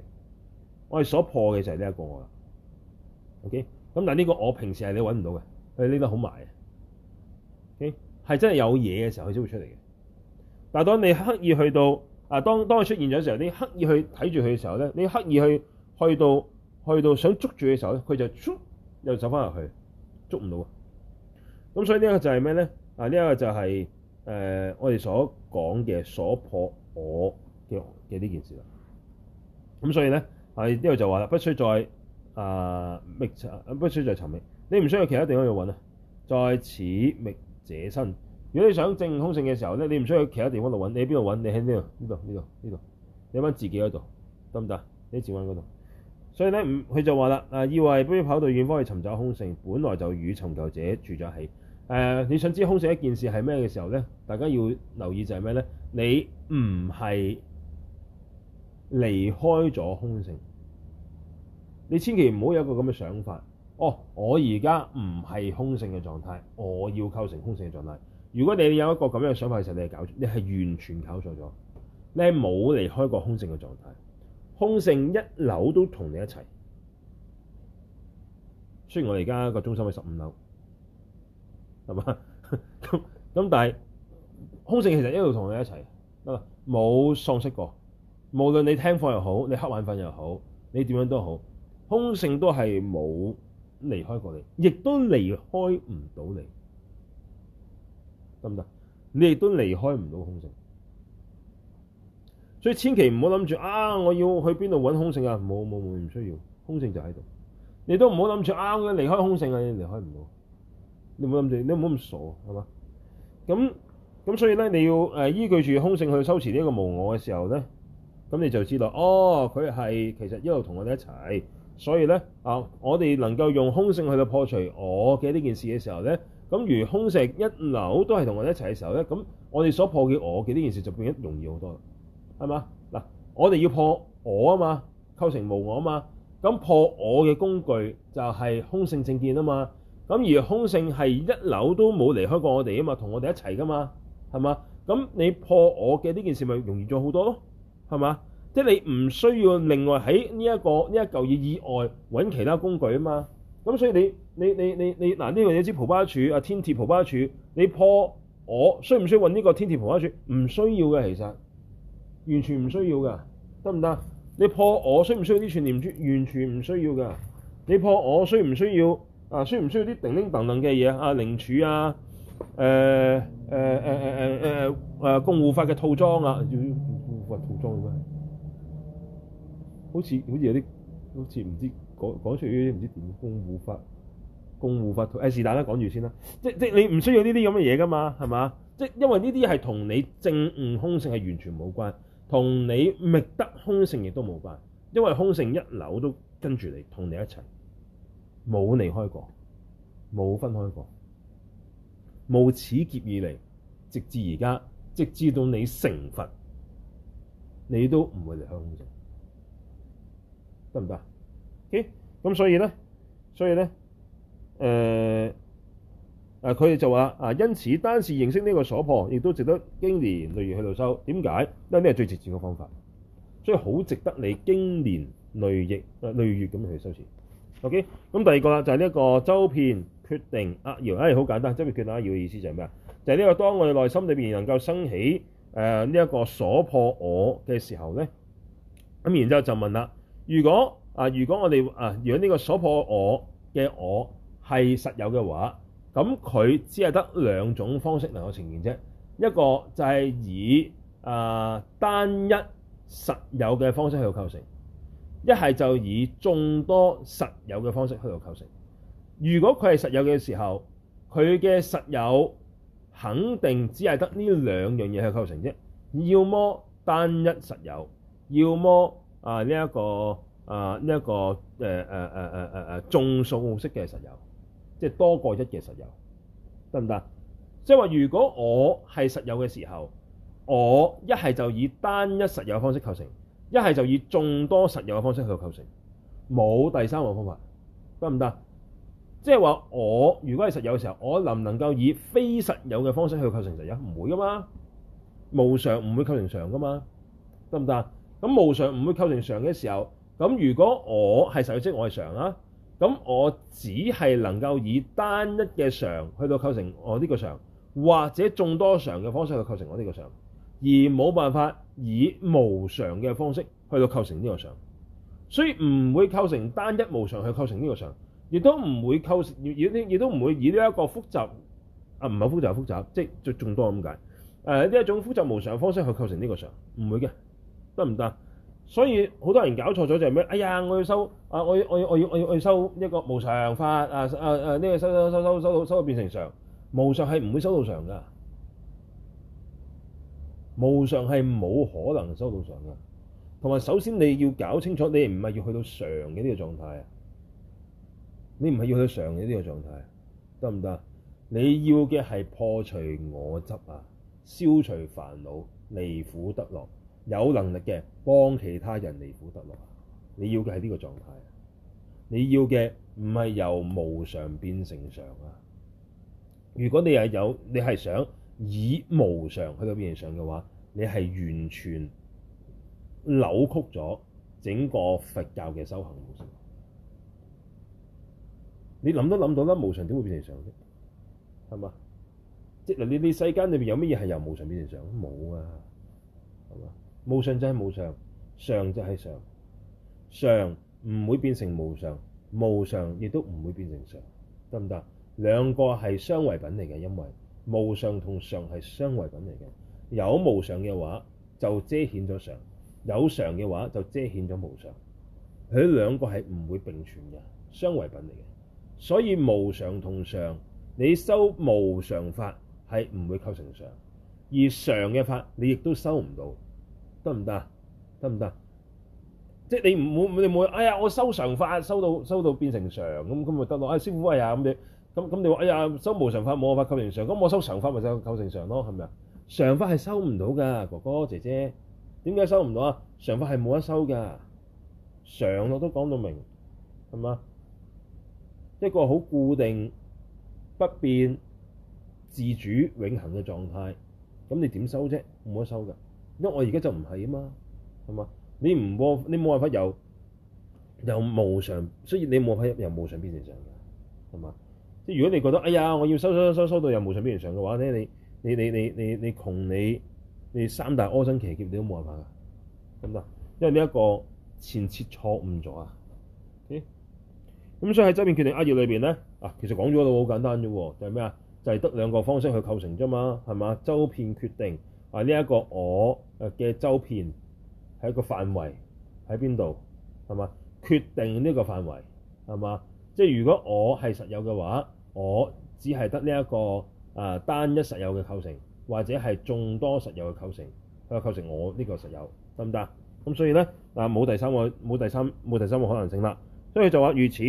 我哋所破嘅就係呢一個我啦。OK，咁但係呢個我平時係你揾唔到嘅，佢匿得好埋嘅。OK，係真係有嘢嘅時候佢先會出嚟嘅。但係當你刻意去到啊，當當佢出現咗嘅時候，你刻意去睇住佢嘅時候咧，你刻意去去到去到想捉住嘅時候咧，佢就又走返入去，捉唔到。咁所、啊這個就是呃、所，所，所以呢一個就係咩咧？啊，呢、這、一個就係誒我哋所講嘅所破我嘅嘅呢件事啦。咁所以咧，係呢個就話啦，不需再啊覓尋，不需再尋覓、啊，你唔需要其他地方去揾啊，在此覓者身。如果你想正空性嘅時候咧，你唔需要去其他地方度揾，你喺邊度揾？你喺呢度呢度呢度呢度，你喺自己嗰度得唔得？你自己嗰度。所以咧，佢、嗯、就話啦：誒，意為不必跑到遠方去尋找空性，本來就與尋求者住在一起。誒、呃，你想知空性一件事係咩嘅時候咧？大家要留意就係咩咧？你唔係離開咗空性，你千祈唔好有一個咁嘅想法。哦，我而家唔係空性嘅狀態，我要構成空性嘅狀態。如果你有一個咁樣嘅想法嘅時候，你係搞，你係完全搞錯咗，你係冇離開過空性嘅狀態。空性一樓都同你一齊，雖然我哋而家個中心喺十五樓，係嘛？咁 (laughs) 咁但係空性其實一路同你一齊，啊，冇喪失過。無論你聽課又好，你瞌眼瞓又好，你點樣都好，空性都係冇離開過你，亦都離開唔到你。得唔得？你亦都離開唔到空性，所以千祈唔好諗住啊！我要去邊度揾空性啊？冇冇冇，唔需要，空性就喺度。你都唔好諗住啱啱離開空性啊！你離開唔到，你唔好諗住，你唔好咁傻，係嘛？咁咁，所以咧，你要誒依據住空性去修持呢一個無我嘅時候咧，咁你就知道哦，佢係其實一路同我哋一齊，所以咧啊，我哋能夠用空性去到破除我嘅呢件事嘅時候咧。咁如空性一路都係同我哋一齊嘅時候咧，咁我哋所破嘅我嘅呢件事就變咗容易好多啦，係嘛？嗱，我哋要破我啊嘛，構成無我啊嘛，咁破我嘅工具就係空性正見啊嘛，咁而空性係一路都冇離開過我哋啊嘛，同我哋一齊噶嘛，係嘛？咁你破我嘅呢件事咪容易咗好多咯，係嘛？即係你唔需要另外喺呢一個呢一嚿嘢以外揾其他工具啊嘛。咁、嗯、所以你你你你你嗱，呢個嘢知蒲巴柱，啊天鐵蒲巴柱，你破我需唔需要揾呢個天鐵蒲巴柱？唔需要嘅，其實完全唔需要噶，得唔得？你破我需唔需要啲串念珠？完全唔需要噶。你破我需唔需要啊？需唔需要啲叮叮噹噹嘅嘢啊？靈柱啊，誒誒誒誒誒誒誒，共、呃、護、呃呃呃、法嘅套裝啊？要共護法套裝咩？好似好似有啲好似唔知。講講出於唔知點供護法，供護法誒是但啦，講、哎、住先啦。即即你唔需要呢啲咁嘅嘢噶嘛，係嘛？即因為呢啲係同你證悟空性係完全冇關，同你覓得空性亦都冇關，因為空性一路都跟住你，同你一齊冇離開過，冇分開過，無始劫以嚟，直至而家，直至到你成佛，你都唔會離開空性，得唔得？咁、okay, 所以咧，所以咧，誒、呃、誒，佢、啊、哋就話啊，因此單是認識呢個所破，亦都值得經年累月去到修。點解？因為呢係最直接嘅方法，所以好值得你經年累億、呃、累月咁去修持。OK，咁第二個啦，就係呢一個周遍決定扼要。誒、啊，好、呃、簡單，周遍決定扼要嘅意思就係咩啊？就係、是、呢個當我哋內心裏面能夠生起誒呢一個所破我嘅時候咧，咁然之後就問啦，如果啊！如果我哋啊，如果呢個所破我嘅我係實有嘅話，咁佢只係得兩種方式能夠呈現啫。一個就係以啊單一實有嘅方式去到構成，一係就以眾多實有嘅方式去到構成。如果佢係實有嘅時候，佢嘅實有肯定只係得呢兩樣嘢去構成啫。要麼單一實有，要麼啊呢一個。啊！呢、這、一個誒誒誒誒眾數式嘅實有，即係多過一嘅實有，得唔得？即係話，如果我係實有嘅時候，我一係就以單一實有嘅方式構成，一係就以眾多實有嘅方式去構成，冇第三個方法，得唔得？即係話，我如果係實有嘅時候，我能唔能夠以非實有嘅方式去構成實有？唔會噶嘛，無常唔會構成常噶嘛，得唔得？咁無常唔會構成常嘅時候。咁如果我係實質，我係常啦，咁我只係能夠以單一嘅常去到構成我呢個常，或者眾多常嘅方式去到構成我呢個常，而冇辦法以無常嘅方式去到構成呢個常，所以唔會構成單一無常去構成呢個常，亦都唔會構成，亦亦都唔會以呢一個複雜啊，唔係複雜係複雜，即係就眾多咁解，誒，呢一種複雜無常嘅方式去構成呢個常，唔會嘅，得唔得？所以好多人搞錯咗就係、是、咩？哎呀，我要收啊！我要我要我要我要去收一個無常法啊啊啊！呢、啊這個收收收收收到收到變成常，無常係唔會收到常㗎，無常係冇可能收到常㗎。同埋首先你要搞清楚，你唔係要去到常嘅呢個狀態啊，你唔係要去到常嘅呢個狀態啊，得唔得？你要嘅係破除我執啊，消除煩惱，離苦得樂。有能力嘅幫其他人離苦得樂，你要嘅係呢個狀態啊！你要嘅唔係由無常變成常啊！如果你係有你係想以無常去到變成常嘅話，你係完全扭曲咗整個佛教嘅修行模式。你諗都諗到啦，無常點會變成常啫？係嘛？即係嗱，你你世間裏邊有乜嘢係由無常變成常？冇啊，係嘛？無常就係無常，常就係常，常唔會變成無常，無常亦都唔會變成常，得唔得？兩個係相違品嚟嘅，因為無常同常係相違品嚟嘅。有無常嘅話，就遮遣咗常；有常嘅話，就遮遣咗無常。佢兩個係唔會並存嘅，相違品嚟嘅。所以無常同常，你修無常法係唔會構成常，而常嘅法你亦都收唔到。得唔得？得唔得？即係你唔會，你唔會。哎呀，我修常法，修到修到變成常，咁咁咪得咯。哎，師傅喂呀，咁你咁咁你話，哎呀，修無常法冇辦法構成常，咁我修常法咪就構成常咯，係咪啊？常法係修唔到㗎，哥哥姐姐，點解修唔到啊？常法係冇得修㗎，常我都講到明，係嘛？一個好固定、不變、自主、永恆嘅狀態，咁你點修啫？冇得修㗎。因為我而家就唔係啊嘛，係嘛？你唔你冇辦法由由無常，所以你冇辦法由無常變成常㗎，係嘛？即係如果你覺得哎呀，我要收收收收，收到由無常變成常嘅話咧，你你你你你你，你窮你你三大阿僧祇劫，你都冇辦法，因為呢一個前設錯誤咗啊！咁所以喺周遍決定扼要裏面咧，啊，其實講咗都好簡單啫喎，就係咩啊？就係、係、得兩個方式去構成啫嘛，係嘛？周遍決定。啊！呢、這個、一個我嘅周遍喺一個範圍喺邊度係嘛？決定呢個範圍係嘛？即係如果我係實有嘅話，我只係得呢、這、一個啊、呃、單一實有嘅構成，或者係眾多實有嘅構成，佢構成我呢個實有得唔得？咁所以咧嗱，冇、啊、第三個冇第三冇第三個可能性啦。所以就話如此，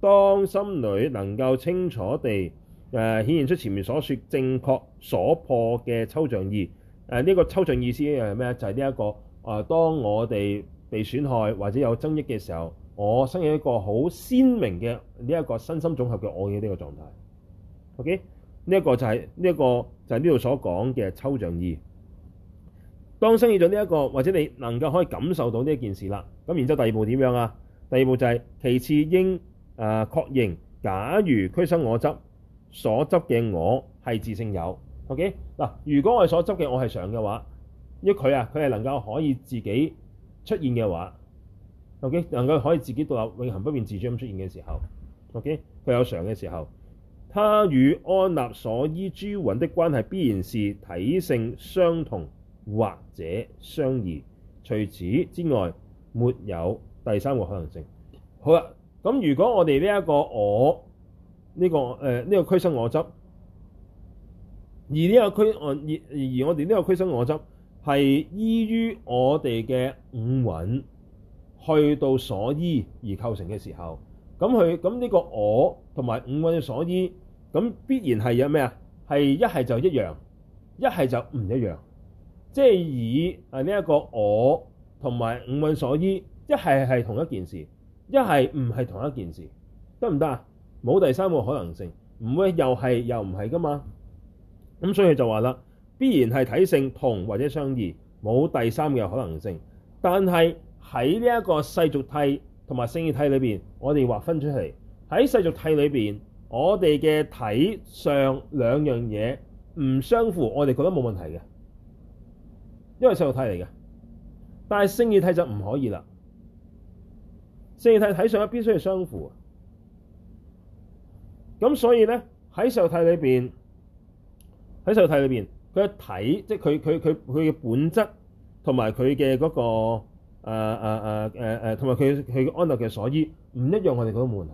當心裏能夠清楚地誒顯、呃、現出前面所說正確所破嘅抽象義。誒、這、呢個抽象意思係咩？就係呢一個誒、呃，當我哋被損害或者有爭議嘅時候，我生起一個好鮮明嘅呢一個身心總合嘅我嘅呢個狀態。OK，呢一個就係呢一個就係呢度所講嘅抽象義。當生起咗呢一個，或者你能夠可以感受到呢一件事啦。咁然之後第二步點樣啊？第二步就係、是、其次應誒確、呃、認，假如俱生我執，所執嘅我係自性有。OK 嗱，如果我哋所執嘅我係常嘅話，因為佢啊，佢係能夠可以自己出現嘅話，OK 能夠可以自己獨立、永恆不變、自主咁出現嘅時候，OK 佢有常嘅時候，他與安立所依諸蘊的關係，必然是體性相同或者相異，除此之外沒有第三個可能性。好啦、啊，咁如果我哋呢一個我呢、呢個誒呢、呃呢個俱生我執。而呢個俱我而而我哋呢個俱生我執係依於我哋嘅五蘊去到所依而構成嘅時候，咁佢咁呢個我同埋五蘊所依，咁必然係有咩啊？係一係就一樣，一係就唔一樣。即係以啊呢一個我同埋五蘊所依，一係係同一件事，一係唔係同一件事，得唔得啊？冇第三個可能性，唔會又係又唔係噶嘛。咁所以就話啦，必然係體性同或者相異，冇第三嘅可能性。但係喺呢一個世俗體同埋聖義體裏面，我哋劃分出嚟。喺世俗體裏面，我哋嘅體上兩樣嘢唔相符，我哋覺得冇問題嘅，因為世俗體嚟嘅。但係聖義體就唔可以啦，聖義體睇上去必須係相符。咁所以咧喺世俗體裏邊。喺細體裏邊，佢一睇，即係佢佢佢佢嘅本質，同埋佢嘅嗰個誒誒誒誒同埋佢佢安立嘅所依唔一樣我哋，我哋覺得冇問題，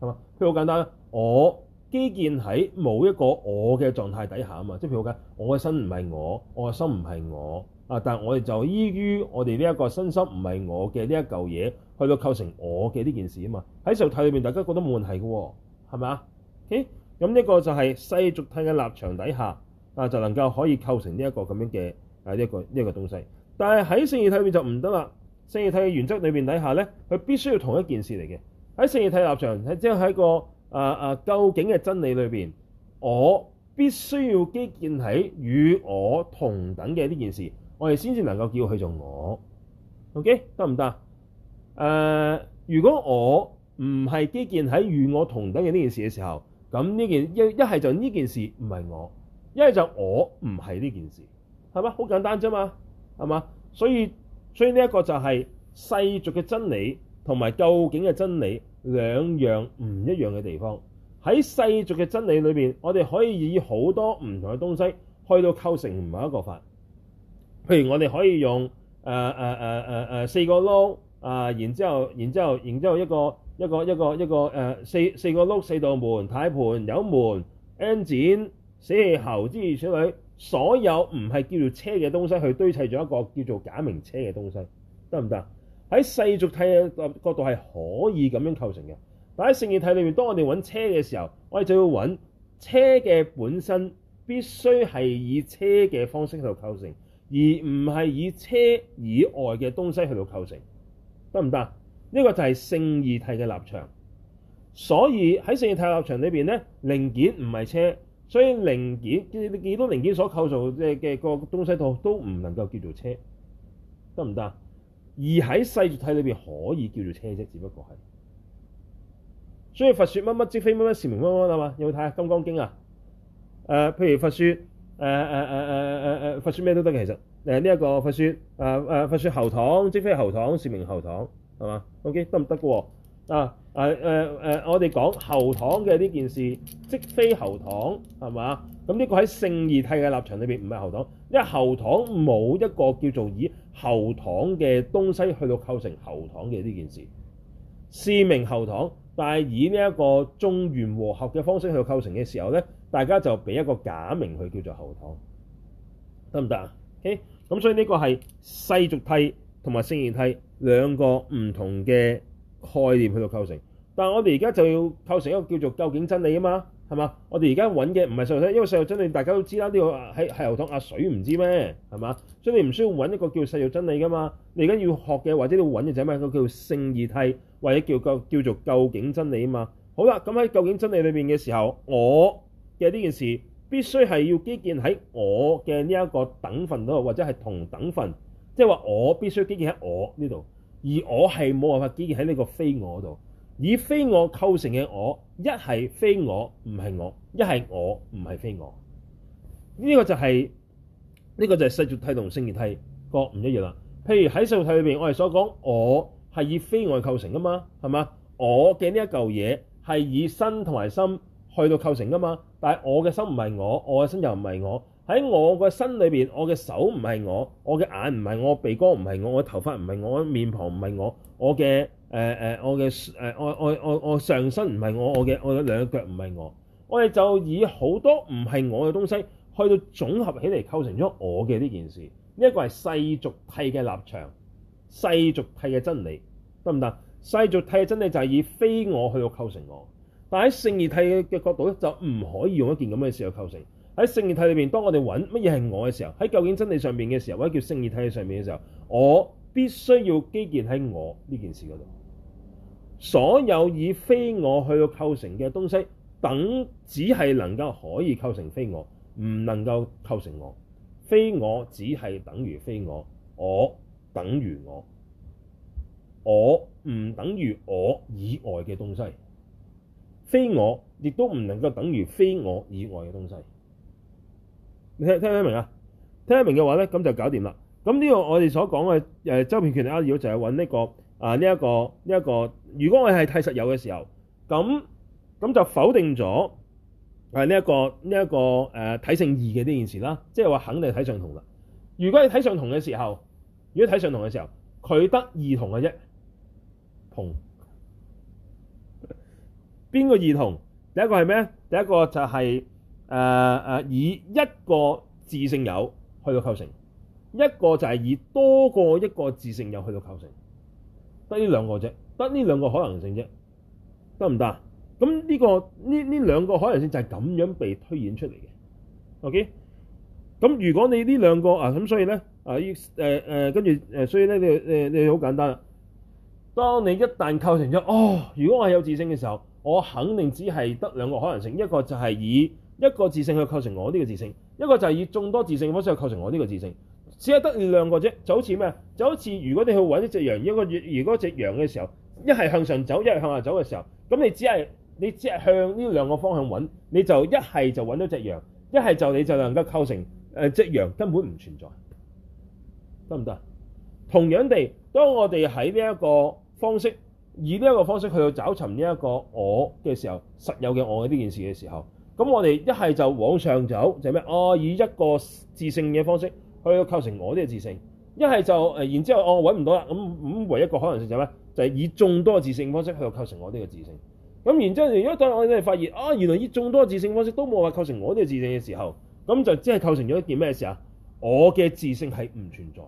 係嘛？譬如好簡單，我基建喺冇一個我嘅狀態底下啊嘛，即係譬如我講，我嘅身唔係我，我嘅心唔係我啊，但係我哋就依於我哋呢一個身心唔係我嘅呢一嚿嘢，去到構成我嘅呢件事啊嘛。喺細體裏邊，大家覺得冇問題嘅喎，係咪啊？咦？咁呢個就係世俗諦嘅立場底下啊，就能夠可以構成呢一個咁樣嘅呢一個呢一、呢個東西。但係喺勝義諦裏面就唔得啦。勝義諦嘅原則裏面底下咧，佢必須要同一件事嚟嘅。喺勝義諦立場，即係喺個啊啊、呃，究竟嘅真理裏面，我必須要基建喺與我同等嘅呢件事，我哋先至能夠叫佢做我。O K. 得唔得？誒，如果我唔係基建喺與我同等嘅呢件事嘅時候。咁呢件一一係就呢件事唔係我，一係就我唔係呢件事，係嘛？好簡單啫嘛，係嘛？所以所以呢一個就係世俗嘅真理同埋究竟嘅真理兩樣唔一樣嘅地方。喺世俗嘅真理裏邊，我哋可以以好多唔同嘅東西去到構成唔係一個法。譬如我哋可以用誒誒誒誒誒四個窿，啊、呃，然之後然之後然之後一個。一個一個一個誒、呃、四四個轆、四道門、軚盤、油門引擎，死氣喉之類，之餘，小女所有唔係叫做車嘅東西，去堆砌咗一個叫做假名車嘅東西，得唔得？喺世俗諦嘅角度係可以咁樣構成嘅，但喺勝義諦裏面，當我哋揾車嘅時候，我哋就要揾車嘅本身必須係以車嘅方式去構成，而唔係以車以外嘅東西去到構成，得唔得？呢、這個就係聖義體嘅立場，所以喺聖義體立場裏邊咧，零件唔係車，所以零件你、你幾多零件所構造即係嘅個東西套都唔能夠叫做車，得唔得？而喺世俗體裏邊可以叫做車啫，只不過係。所以佛説乜乜即非乜乜，是名乜乜啊嘛？有冇睇下《金剛經》啊？誒、呃，譬如佛説誒誒誒誒誒誒佛説咩都得嘅，其實誒呢一個佛説誒誒佛説喉糖即非喉糖，是名喉糖。係嘛？OK，得唔得喎？啊、呃呃呃、我哋講喉糖嘅呢件事，即非喉糖，係嘛？咁呢個喺勝義諦嘅立場裏面，唔係喉糖。因為喉糖冇一個叫做以喉糖嘅東西去到構成喉糖嘅呢件事。是名喉糖，但係以呢一個眾緣和合嘅方式去到構成嘅時候咧，大家就俾一個假名去叫做喉糖。得唔得啊？OK，咁所以呢個係世俗諦同埋勝義諦，兩個唔同嘅概念去到構成，但係我哋而家就要構成一個叫做究竟真理啊嘛，係嘛？我哋而家揾嘅唔係細路仔，因為細路真理大家都知啦，呢、這個喺係油塘阿水唔知咩，係嘛？所以你唔需要揾一個叫做細路真理噶嘛，你而家要學嘅或者要揾嘅就係咩？個叫勝義諦或者叫叫叫做究竟真理啊嘛。好啦，咁喺究竟真理裏邊嘅時候，我嘅呢件事必須係要基建喺我嘅呢一個等份度，或者係同等份，即係話我必須基建喺我呢度。而我係冇辦法基於喺呢個非我度，以非我構成嘅我，一係非我唔係我，一係我唔係非我。呢、這個就係、是、呢、這個就係世俗體同勝義體各唔一樣啦。譬如喺世俗體裏邊，我哋所講我係以非我構成噶嘛，係嘛？我嘅呢一嚿嘢係以身同埋心去到構成噶嘛，但係我嘅心唔係我，我嘅身又唔係我。喺我個身裏面，我嘅手唔係我，我嘅眼唔係我，鼻哥唔係我，我嘅頭髮唔係我，面龐唔係我，我嘅誒誒我嘅誒我我我我上身唔係我，我嘅我兩腳唔係我，我哋、呃呃呃、就以好多唔係我嘅東西去到總合起嚟構成咗我嘅呢件事。呢一個係世俗諦嘅立場，世俗諦嘅真理得唔得？世俗諦嘅真理就係以非我去到構成我，但喺勝義諦嘅角度咧，就唔可以用一件咁嘅事去構成。喺勝義諦裏面，當我哋揾乜嘢係我嘅時候，喺究竟真理上面嘅時候，或者叫勝義諦上面嘅時候，我必須要基建喺我呢件事嗰度。所有以非我去構成嘅東西，等只係能夠可以構成非我，唔能夠構成我。非我只係等於非我，我等於我，我唔等於我以外嘅東西。非我亦都唔能夠等於非我以外嘅東西。你聽得明、這個、啊？聽得明嘅話咧，咁就搞掂啦。咁呢個我哋所講嘅誒周遍決定扼要，就係揾呢個啊呢一個呢一個如果我係睇實有嘅時候，咁咁就否定咗誒呢一個呢一個誒睇性異嘅呢件事啦。即係話肯定睇上同啦。如果你睇上同嘅時候，如果睇上同嘅時候，佢得異同嘅啫，同邊個異同？第一個係咩？第一個就係、是。誒、啊、誒、啊，以一個自性有去到構成，一個就係以多過一個自性有去到構成，得呢兩個啫，得呢兩個可能性啫，得唔得？咁呢、呢個呢呢兩個可能性就係咁樣被推演出嚟嘅。OK，咁如果你呢兩個啊，咁所以咧啊,啊,啊跟住、啊、所以咧你你好簡單啦。當你一旦構成咗哦，如果我係有自性嘅時候，我肯定只係得兩個可能性，一個就係以。一個自性去構成我呢個自性，一個就係以眾多自性嘅方式去構成我呢個自性，只係得兩個啫。就好似咩啊？就好似如果你去揾一隻羊，一個月如果，如果隻羊嘅時候，一係向上走，一係向下走嘅時候，咁你只係你只係向呢兩個方向揾，你就一係就揾到隻羊，一係就你就能夠構成誒、呃、隻羊根本唔存在，得唔得？同樣地，當我哋喺呢一個方式以呢一個方式去到找尋呢一個我嘅時候，實有嘅我嘅呢件事嘅時候。.咁我哋一係就往上走，就係、是、咩啊？以一個自性嘅方式去構成我哋嘅自性。啊啊嗯嗯、一係就然之後我揾唔到啦。咁咁唯一個可能性就咩？就係、是、以眾多自性方式去構成我哋嘅自性。咁然之後，如果當我哋發現啊，原來以眾多自性方式都冇法構成我哋嘅自性嘅時候，咁就即係構成咗一件咩事啊？我嘅自性係唔存在，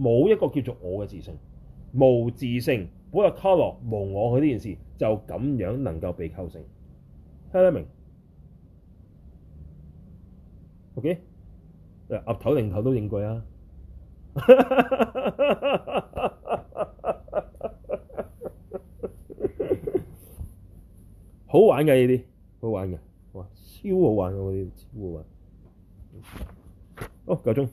冇一個叫做我嘅自性，無自性，本來卡諾無我，佢呢件事就咁樣能夠被構成。聽得明？O.K. 誒，鴨頭定魚頭都認貴啊 (laughs) 好！好玩嘅呢啲，好玩嘅，哇，超好玩啊！嗰啲超好玩。哦，夠鍾。